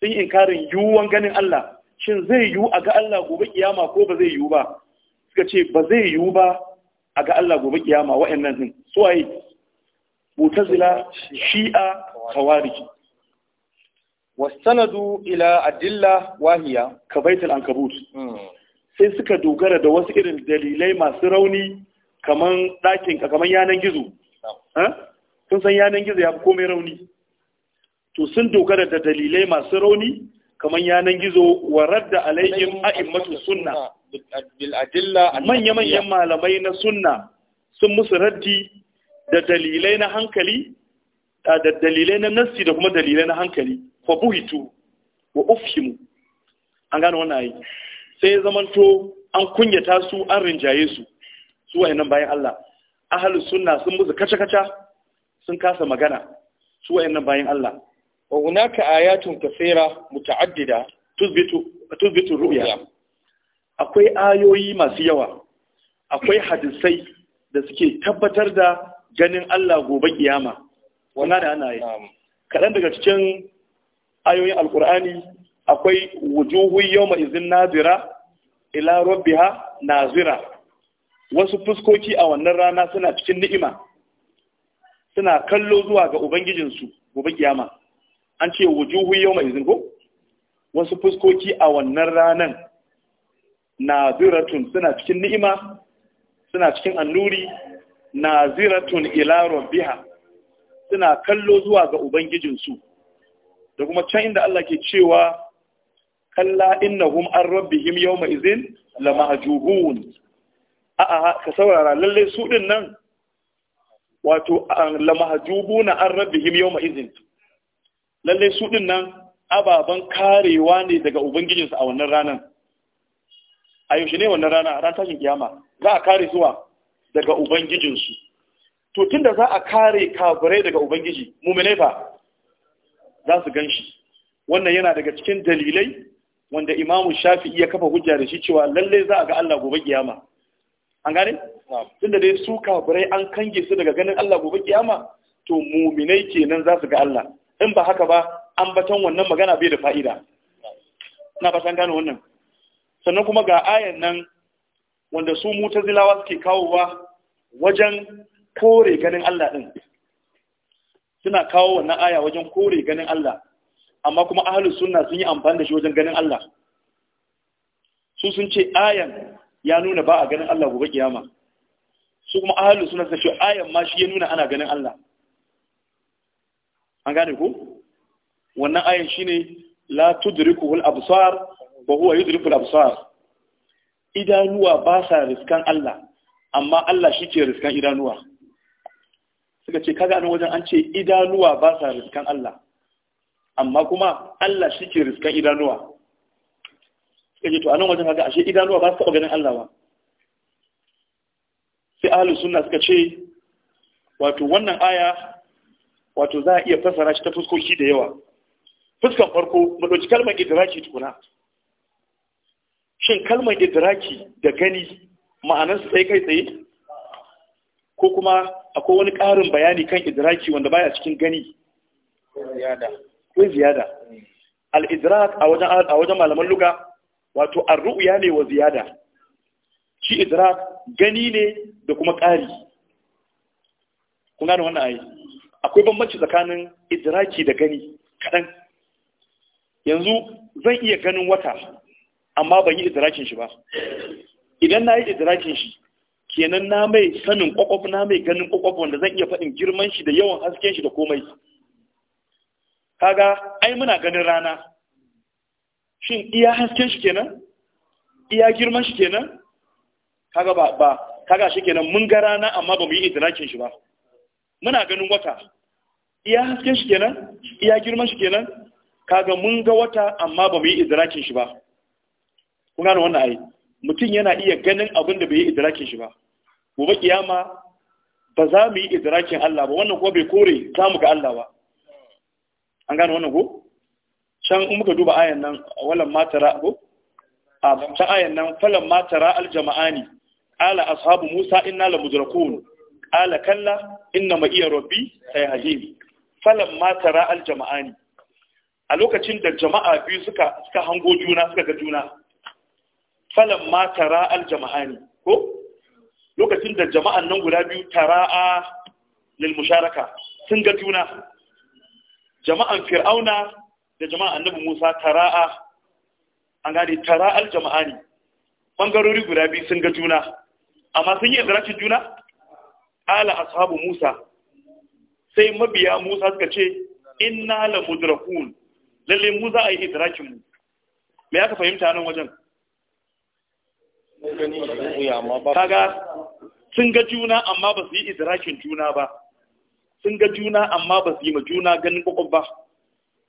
sun yi inkarin yiwuwan ganin Allah shin zai yiwu a ga Allah gobe kiyama ko ba zai yiwu ba suka ce ba zai yiwu ba a ga Allah gobe kiyama wa'annan din suwaye mutazila shi'a khawariji sanadu ila adilla wahiya kabaitul ankabut hmm. sai suka dogara da wasu irin dalilai masu rauni kamar ɗakin kamar yanan gizo Sun san yanan gizo ya fi komai rauni to sun dogara da dalilai masu rauni kamar yanan gizo wa radda alaihim a'immatu sunna manya-manyan malamai na sunna sun musu raddi da dalilai na hankali da dalilai na nassi da kuma dalilai na hankali fa buhitu wa ufhimu an gano wannan ayi sai zamanto an kunyata su an rinjaye su su wayannan bayan Allah ahlus sunna sun musu kaca-kaca sun kasa magana su wayannan bayan Allah wa hunaka ayatun kaseera muta'addida tuzbitu tuzbitu ru'ya akwai ayoyi masu yawa akwai hadisai da suke tabbatar da ganin Allah gobe kiyama wannan da ana yi kadan daga cikin ayoyin alqur'ani akwai wujuhu yawma izin nadira ila rabbiha nazira wasu fuskoki a wannan rana suna cikin ni'ima suna kallo zuwa ga ubangijinsu gobe kiyama an ce wujuhu yau mai ko wasu fuskoki a wannan ranan naziratun suna cikin ni'ima suna cikin annuri naziratun ila rabbiha suna kallo zuwa ga ubangijinsu da kuma can inda Allah ke cewa kalla innahum an rabbihim yawma idhin lamahjuhun a'a ka saurara lalle su din nan wato lamahjubuna an rabbihim yawma idhin lalle su din nan ababan karewa ne daga ubangijinsu a wannan ranan a yaushe ne wannan rana ran tashin kiyama za a kare zuwa daga ubangijinsu to tunda za a kare kafirai daga ubangiji mu fa za su gan shi. wannan yana daga cikin dalilai wanda imamu shafi'i ya kafa hujja da shi cewa lalle za a ga Allah gobe kiyama an gane tunda dai su kafirai an kange su daga ganin Allah gobe kiyama to muminai kenan za su ga Allah in ba haka ba an batan wannan magana bai da fa'ida na ba san gane wannan sannan kuma ga ayan nan wanda su mutazilawa suke kawowa wajen kore ganin Allah din suna kawo wannan aya wajen kore ganin Allah amma kuma ahlus sunna sun yi amfani da shi wajen ganin Allah su sun ce ayan ya nuna ba a ganin Allah gobe kiyama su kuma ahlus sunna sun ce ayan ma shi ya nuna ana ganin Allah an gane ku? wannan ayan shine la al absar wa huwa al absar idanuwa ba sa riskan Allah amma Allah shi ke riskan idanuwa suka ce kaga nan wajen an ce idanuwa ba sa riskan Allah amma kuma Allah shi ke riskan idanuwa kaje to a nan wajen haka ashe idanuwa ba su taɓa ganin Allah ba sai ahlus suna suka ce wato wannan aya wato za a iya fasara shi ta fuskoki da yawa fuskan farko mu ɗauki kalmar idraki tukuna shin kalmar idraki da gani ma'anar tsaye kai tsaye ko kuma akwai wani ƙarin bayani kan idraki wanda baya cikin gani akwai ziyada al-idrak a wajen malaman luga wato ar-ru'ya ne wa ziyada shi idrak gani ne da kuma ƙari kun gane wannan ayi akwai bambanci tsakanin idraki da gani kaɗan yanzu zan iya ganin wata amma ban yi idrakin shi ba idan na yi idrakin shi kenan na mai sanin kwakwaf na mai ganin kwakwaf wanda zan iya faɗin girman shi da yawan hasken shi da komai kaga ai muna ganin rana shin iya hasken shi kenan iya girman shi kenan kaga ba ba kaga shi kenan mun ga rana amma ba mu yi idrakin shi ba muna ganin wata iya hasken shi kenan iya girman shi kenan kaga mun ga wata amma ba mu yi idrakin shi ba kun gane wannan ai mutum yana iya ganin abin da bai yi idrakin shi ba gobe kiyama ba za mu yi idrakin Allah ba wannan kuma bai kore za mu ga Allah ba an gane wannan ko can in muka duba ayan nan walan matara ko a can ayan nan falan matara aljama'ani ala ashabu musa inna la mudrakun ala kalla inna ma iya rabbi sai hajim falan matara aljama'ani a lokacin da jama'a biyu suka suka hango juna suka ga juna falan matara aljama'ani ko lokacin da jama'an nan guda biyu tara'a lil musharaka sun ga juna jama'an fir'auna da jama'an annabi musa tara'a an gane tara'al jama'a ne bangarori guda biyu sun ga juna amma sun yi idrakin juna ala ashabu musa sai mabiya musa suka ce inna la mudrakun lalle mu za a yi idrakin mu me aka fahimta nan wajen kaga sun ga juna amma ba su yi idrakin juna ba sun ga juna amma ba su yi ma juna ganin kwakwab ba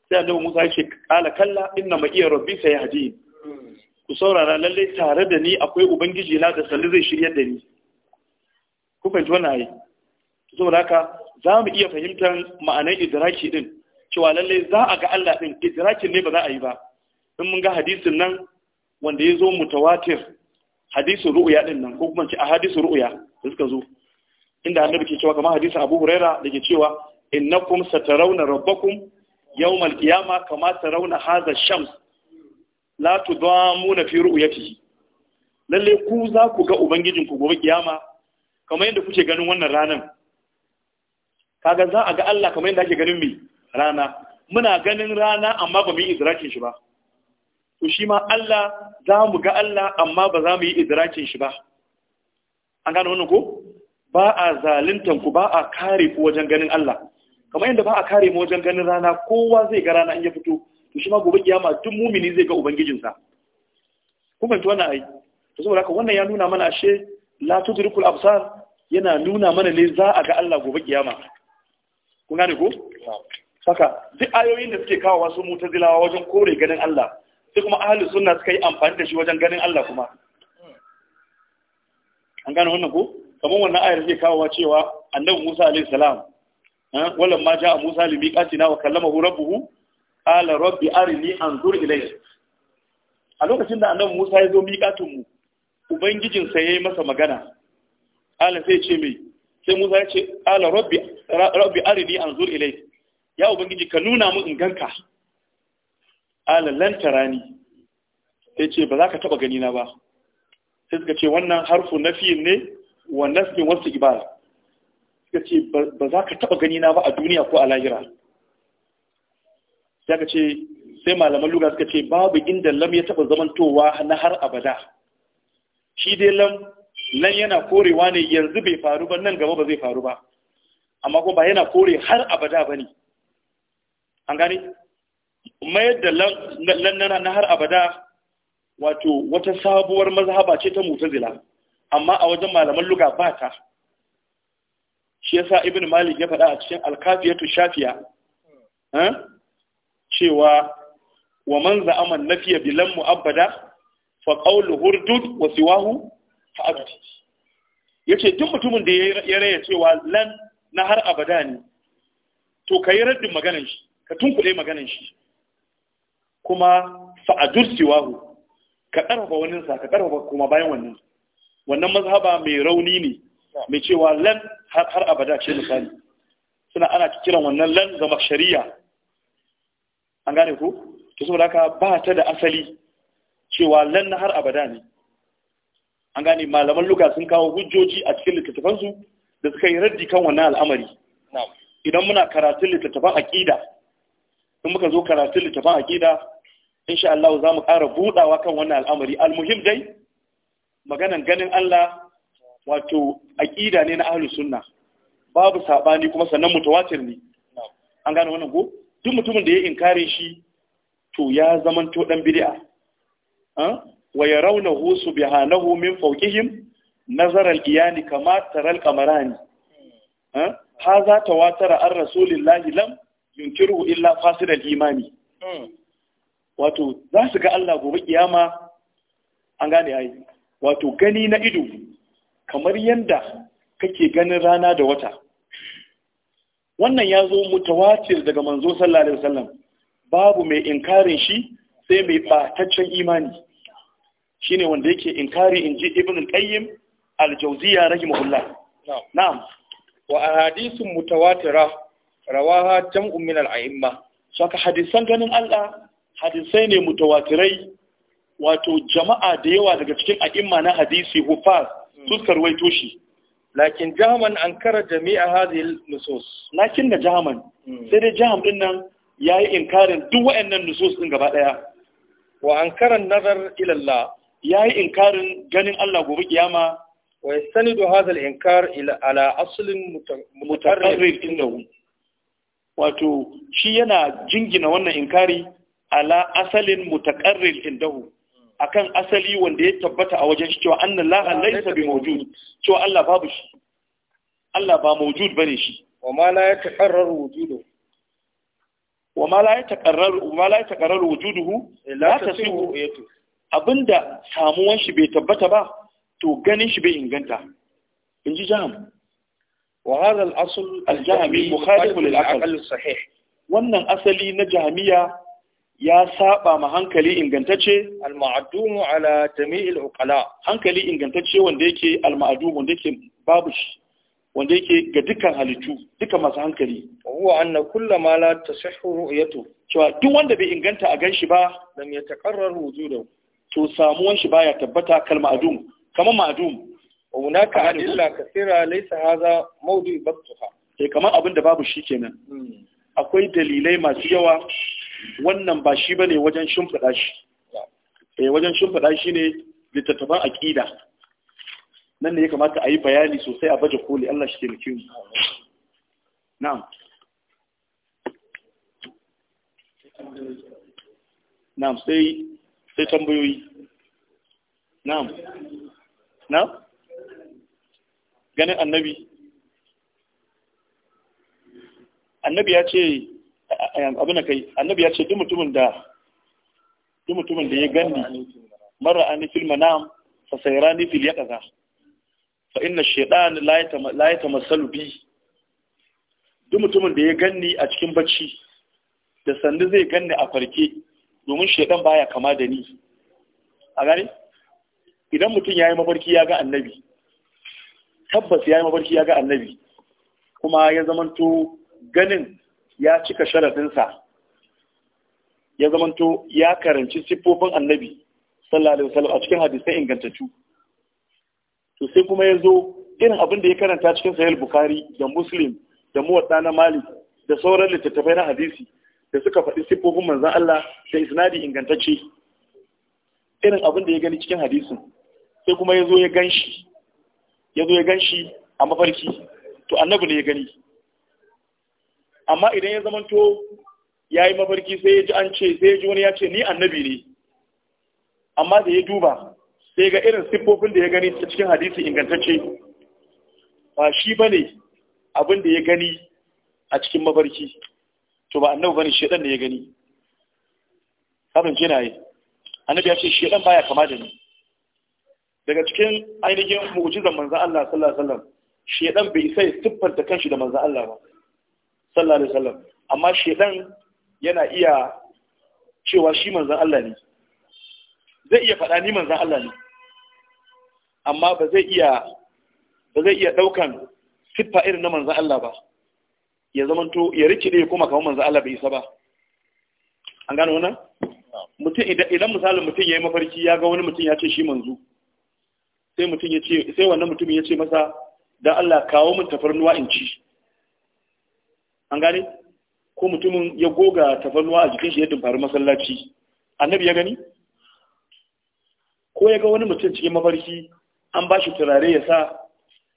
sai annabi musa ya ce kala kalla inna ma iya rabbi sai hadi ku saurara lalle tare da ni akwai ubangiji na da sallu zai shirya da ni ku fahimci wannan ayi saboda haka za mu iya fahimtar ma'anar idraki din cewa lallai za a ga Allah din idrakin ne ba za a yi ba in mun ga hadisin nan wanda ya zo mutawatir hadisin ru'uya din nan ko kuma ce a hadisin ru'uya da suka zo inda annabi ke cewa kamar hadisin Abu Huraira da ke cewa innakum satarawna rabbakum yawmal qiyamah kama tarawna hadha shams la tudamuna fi ru'yatihi lalle ku za ku ga ubangijinku gobe kiyama kamar yadda kuke ganin wannan ranan kaga za a ga Allah kamar yadda ake ganin mai rana muna ganin rana amma ba mu yi idrakin shi ba to shi ma Allah za mu ga Allah amma ba za mu yi idrakin shi ba an gano wannan ko ba a zalintan ku ba a kare ku wajen ganin Allah kamar yadda ba a kare mu wajen ganin rana kowa zai ga rana in ya fito to shi ma gobe kiyama duk mumini zai ga ubangijinsa kun fahimci wannan ai to saboda haka wannan ya nuna mana ashe la tudrikul absar yana nuna mana ne za a ga Allah gobe kiyama kun gane ko saka duk ayoyin da suke kawo wasu mutazilawa wajen kore ganin Allah sai kuma ahlus sunna suka yi amfani da shi wajen ganin Allah kuma an gane wannan ko kamar wannan ayar zai kawo cewa annabi Musa alaihi salam wallan ma ja'a Musa li miqatina wa kallamahu rabbuhu qala rabbi arini anzur ilayhi a lokacin da annabi Musa ya zo miqatun mu ubangijin sa yayi masa magana Allah sai ce mai sai Musa ya ce qala rabbi rabbi arini anzur ilayhi ya ubangiji ka nuna mu in ganka qala lan tarani sai ce ba za ka taba gani na ba sai suka ce wannan harfu nafiyin ne wa nasbin wasu ibada suka ce ba za ka taɓa gani na ba a duniya ko a lahira sai ka ce sai malaman luga suka ce babu inda lam ya taɓa zamantowa na har abada shi dai lam nan yana korewa ne yanzu bai faru ba nan gaba ba zai faru ba amma kuma ba yana kore har abada ba ne an gani mayar da lannana na har abada wato wata sabuwar mazhaba ce ta mutazila amma a wajen malaman luga ba ta shi yasa ibn malik ya faɗa a cikin alkafiyatu shafiya hmm. eh, cewa wa man na nafiya bilan mu'abbada fa qawlu hurdud wa siwahu fa abdi yace duk mutumin da ya raya cewa lan na har abada ne to kai raddin maganar shi ka tunkuɗe maganar shi kuma fa siwahu ka ƙarfafa wannan sa ka ƙarfafa kuma bayan wannan wannan mazhaba mai rauni ne mai cewa lan har abada ce misali suna ana kiran wannan lan zama shari'a an gane ku? to saboda haka ba ta da asali cewa lan har abada ne an gane malaman luka sun kawo hujjoji a cikin su da suka yi raddi kan wannan al'amari idan muna karatun littattafan aƙida in muka zo karatun littattafan aƙida insha Allah za mu ƙara buɗawa kan wannan al'amari almuhim dai maganan ganin Allah wato aƙida ne na ahlus sunna babu saɓani kuma sannan mutawatir ne an gane wannan go duk mutumin da ya inkare shi to ya zamanto dan bid'a wa yarawnahu subhanahu min fawqihim nazar al-iyani kama tara al-qamarani hadha tawatara an rasulillahi lam yunkiru illa fasid al-imani hmm. wato za su ga Allah gobe kiyama an gane ayi wato gani na ido kamar yanda kake ganin rana da wata wannan ya zo mutawatir daga manzo sallallahu alaihi wasallam babu mai inkarin shi sai mai bataccen imani shine wanda yake inkari inji ibn al-qayyim al-jawziya rahimahullah na'am wa ahadithun mutawatira rawaha jam'un min al-a'imma saka hadisan ganin Allah hadisai ne mutawatirai wato jama'a da yawa daga cikin a'imma na hadisi hufaz hmm. su karwaito shi lakin jahaman an kara jami'a hadhihi nusus lakin da jahaman hmm. sai dai jaham din nan yayi inkarin duk wayannan nusus din gaba daya wa ankara nazar ila Allah yayi inkarin ganin Allah gobe kiyama wa yastanidu hadha al-inkar ila ala aslin mutakarrir indahu wato shi yana jingina wannan inkari ala asalin mutakarrir indahu akan asali wanda ya tabbata a wajen shi cewa annan laha ah, laisa bi mawjud cewa Allah babu shi Allah ba mawjud bane shi wa ma la yataqarrar wujudu wa ma la yataqarrar wujuduhu eh, la tasihu abinda samuwan shi bai tabbata ba to ganin shi bai inganta inji jam wa hadha al-asl al-jahmi mukhalif lil-aql sahih wannan asali na jahmiya ya saba ma hankali ingantacce al-ma'dumu ala jami'il uqala hankali ingantacce wanda yake al-ma'dum wanda yake babu shi wanda yake ga dukkan halittu duka masu hankali huwa anna kullu ma la tasihhu ru'yatu cewa duk wanda bai inganta a ganshi ba lam yataqarrar wujudahu to samuwan shi baya tabbata kal ma'dum kamar ma'dum wa hunaka adilla kathira laysa hadha mawdu'i battuha eh kamar abin da babu shi kenan hmm. akwai dalilai masu yawa wannan ba shi bane wajen shimfiɗa shi eh wajen shimfiɗa shi ne littattafan aqida nan ne ya kamata a yi bayani sosai a baje koli Allah shi taimake mu na'am na'am sai sai tambayoyi na'am na'am ganin annabi annabi ya ce Um, abin da kai annabi ya ce duk mutumin da duk mutumin da ya ganni mara an fil manam fa sayrani fil yaqaza fa inna shaytan la yatamassalu bi duk mutumin da ya ganni a cikin bacci da sandu zai ganni a farke domin shaytan baya kama da ni a gare idan mutum yayi mafarki ya ga annabi tabbas yayi mafarki ya ga annabi kuma ya zamanto ganin ya cika sharafinsa, ya zamanto ya karanci siffofin annabi sallallahu alaihi wasallam a cikin hadisai ingantattu to sai kuma ya zo irin abin da ya karanta cikin sahih bukhari da muslim da muwatta na malik da sauran littattafai na hadisi da suka faɗi siffofin manzon Allah da isnadi ingantacce irin abin da ya gani cikin hadisin sai kuma ya zo ya ganshi ya zo ya ganshi a mafarki to annabi ne ya gani amma idan ya zamanto ya yi mafarki sai ya ji an ce sai ya ji wani ya ce ni annabi ne amma da ya duba sai ga irin siffofin da ya gani ta cikin hadisi ingantacce ba shi ba ne abin da ya gani a cikin mafarki to ba annabi ba ne shaɗan da ya gani kafin jina yi annabi ya ce shaɗan baya kama da ni daga cikin ainihin mu'ujizan manzan Allah sallallahu alaihi wasallam shaɗan bai sai siffar da kanshi da manzan Allah ba sallallahu alaihi wasallam amma shedan yana iya cewa shi manzon Allah ne zai iya faɗa ni manzon Allah ne amma ba zai iya ba zai iya daukan siffa irin na manzon Allah ba ya zamanto ya rikide dai koma kamar manzon Allah bai isa ba an gano wannan mutum idan misalin mutum ya yi mafarki ya ga wani mutum ya ce shi manzo sai mutum ya ce sai wannan mutum ya ce masa da Allah kawo min tafarnuwa in ci an gane ko mutumin ya goga tafarnuwa a jikin shi ya faru masallaci annabi ya gani ko ya ga wani mutum cikin mafarki an ba shi turare ya sa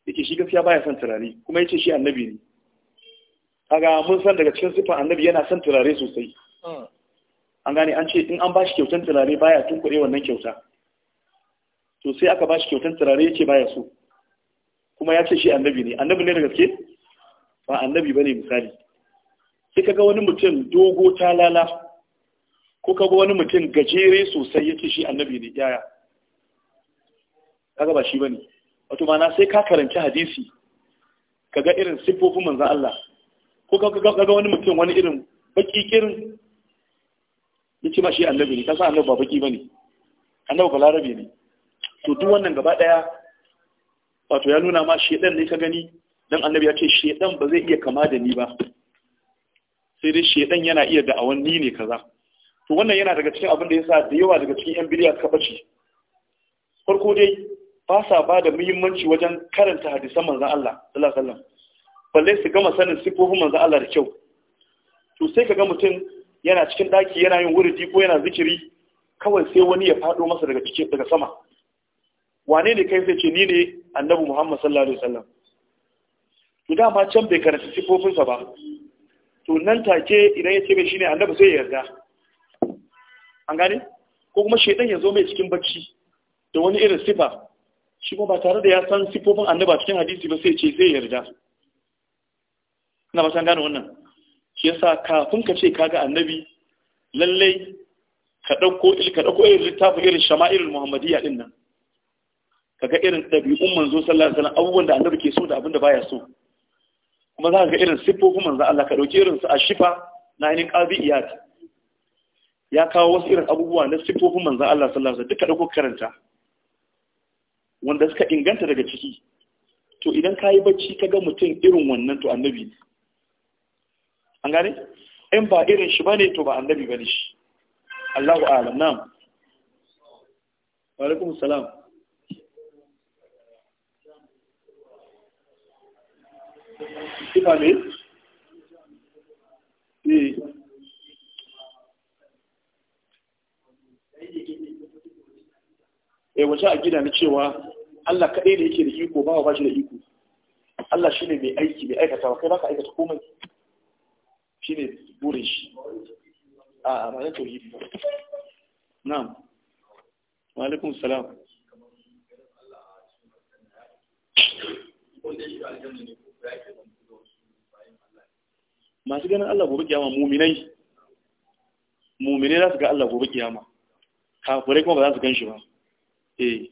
yake shi gaskiya baya son turare kuma yace shi annabi ne kaga mun san daga cikin sifan annabi yana son turare sosai hmm. an gane an ce in an ba shi kyautan turare baya tun kuɗe wannan kyauta to sai aka ba shi kyautan turare yace baya so kuma ya ce shi annabi ne annabi ne da gaske ba annabi bane misali sai kaga wani mutum dogo talala ko kaga wani mutum gajere sosai yake shi annabi ne yaya kaga ba shi bane wato mana sai ka karanci hadisi kaga irin siffofin manzo Allah ko kaga wani mutum wani irin baki kirin yace ba shi annabi ne kasa annabi ba baki bane annabi balarabe ne to duk wannan gaba daya wato ya nuna ma shedan ne ka gani dan annabi ya ce shedan ba zai iya kama da ni ba sai dai shedan yana iya da awanni ne kaza to wannan yana daga cikin abin da yasa da yawa daga cikin yan biliya suka bace farko dai ba sa ba da muhimmanci wajen karanta hadisan manzon Allah sallallahu alaihi wasallam balle su gama sanin sifofin manzon Allah da kyau to sai kaga mutum yana cikin daki yana yin wuridi ko yana zikiri kawai sai wani ya fado masa daga cikin daga sama wane ne kai sai ce ni ne annabi Muhammad sallallahu alaihi wasallam to dama can bai karanta sifofinsa ba to nan take idan ya ce mai shine annabi sai ya yarda an gane ko kuma shaidan ya zo mai cikin bacci da wani irin sifa shi kuma ba tare da ya san sifofin annaba cikin hadisi ba sai ce zai yarda ina ba san gane wannan shi yasa kafin ka ce kaga annabi lallai ka ɗauko ka irin littafin irin shama'ilul muhammadiyya din nan kaga irin ɗabi'un manzo sallallahu alaihi wasallam abubuwan da annabi ke so da abin da baya so kuma za ka ga irin siffofin manzan Allah ka ɗauki irin su a shifa na ainihin ƙazi iyati ya kawo wasu irin abubuwa na siffofin manzan Allah sallallahu alaihi duka ɗauko karanta wanda suka inganta daga ciki to idan ka yi bacci ka ga mutum irin wannan to annabi ne. an gane in ba irin shi bane to ba annabi bane shi Allahu a'lam na'am wa alaikum salam kifa ne eh. eh, a gida na cewa Allah kaɗai da yake da iko ba wa ba shi da iko Allah shi ne mai aiki mai aikata wa kai baka aikata komai shi ne burin shi a ranar tori na'am wa alaikum salam masu ganin Allah gobe kiyama muminai muminai za su ga Allah gobe kiyama kafirai kuma ba za su gan shi ba eh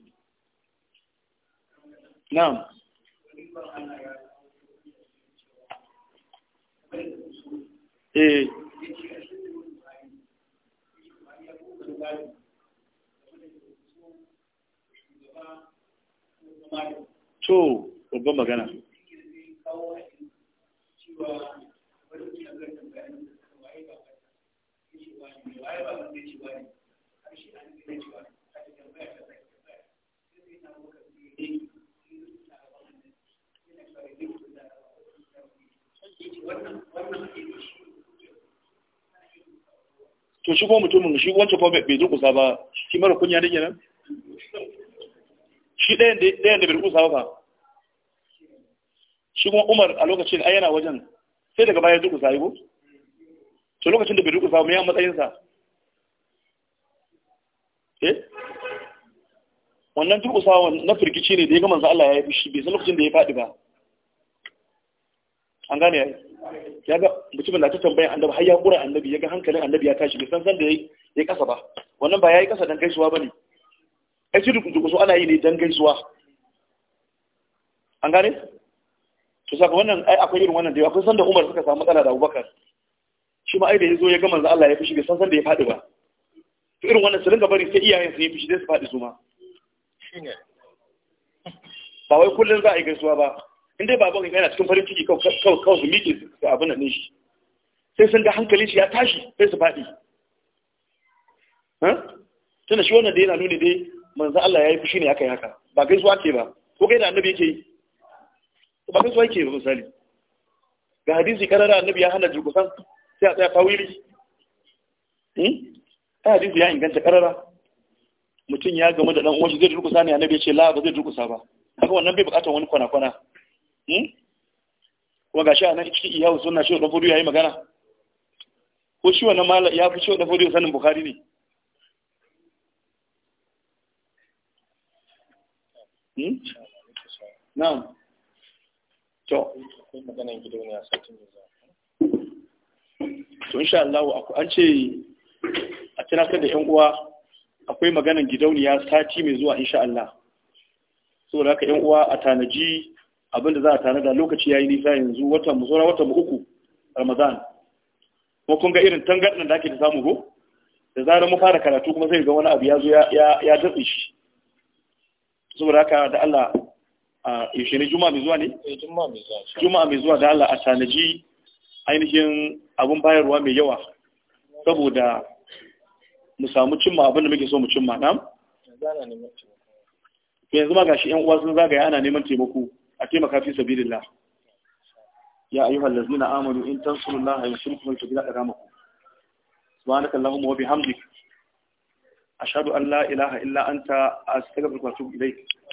na'am eh to babban magana to shi kuma mutumin shi wancan kuma bai kusa ba shi mara kunya ne kenan shi ɗayan da bai kusa ba shi kuma umar a lokacin ayyana yana wajen sai daga baya zuku yi ko to lokacin da bai durkusa mu ya matsayinsa eh wannan durkusawa na firgici ne da ya ga manzo Allah ya yi fushi bai san lokacin da ya faɗi ba an gane yayi ya ga mutumin da ta tambaya annabi har ya kura annabi ya ga hankalin annabi ya tashi bai san san da ya kasa ba wannan ba yayi kasa dan gaisuwa bane ai shi duk duk ana yi ne dan gaisuwa an gane to saka wannan ai akwai irin wannan da yawa kun san da Umar suka samu matsala da Abubakar shi ma ai da yazo ya ga manzo Allah ya fushi bai san san da ya fadi ba to irin wannan su ringa bari sai iyayen su yi fushi dai su fadi su ma shine ba wai kullun za a yi gaisuwa ba in dai baban yana cikin farin ciki kawai kawai su miƙe su abin nan shi sai sun ga hankalin shi ya tashi sai su fadi tunda shi wannan da yana nuni dai manzo Allah ya yi fushi ne aka yi haka ba gaisuwa ce ba ko kai da annabi yake yi ba kai so yake ba misali ga hadisi karara annabi ya hana durkusan sai a tsaya tawili ta hmm? hadisi ya inganta karara mutum ya gama da ɗan uwanshi zai durkusa ne annabi ya ce la ba zai durkusa ba haka wannan bai bukatar wani kwana-kwana hmm? kuma ga shi a nan cikin iyawu suna shi wadda fudu yayi magana ko shi wannan mala ya fi shi wadda fudu sanin bukari ne hmm? na'am to maganan gidauniya satin da to insha Allah an ce a tunatar da 'yan uwa akwai maganan gidauniya sati mai zuwa insha Allah saboda haka 'yan uwa a tanaji abinda za a tanada lokaci yayi nisa yanzu wata mu zora wata mu uku Ramadan ko kun ga irin tangarɗin da ake da samu go? da zarar mu fara karatu kuma sai ga wani abu ya zo ya ya datse shi saboda haka da Allah yaushe ne juma'a mai zuwa ne
eh, juma'a
mai zuwa da Allah a tanaji ainihin abin bayarwa mai yawa saboda mu samu cimma abin da muke so mu cimma na yanzu ma gashi yan uwa sun zagaya ana neman taimako a taimaka fi sabilillah ya ayyuhal na amanu in tansurullaha yansurkum wa yuthbit aqdamakum subhanak allahumma wa bihamdik ashhadu an la ilaha illa anta astaghfiruka wa atubu ilayk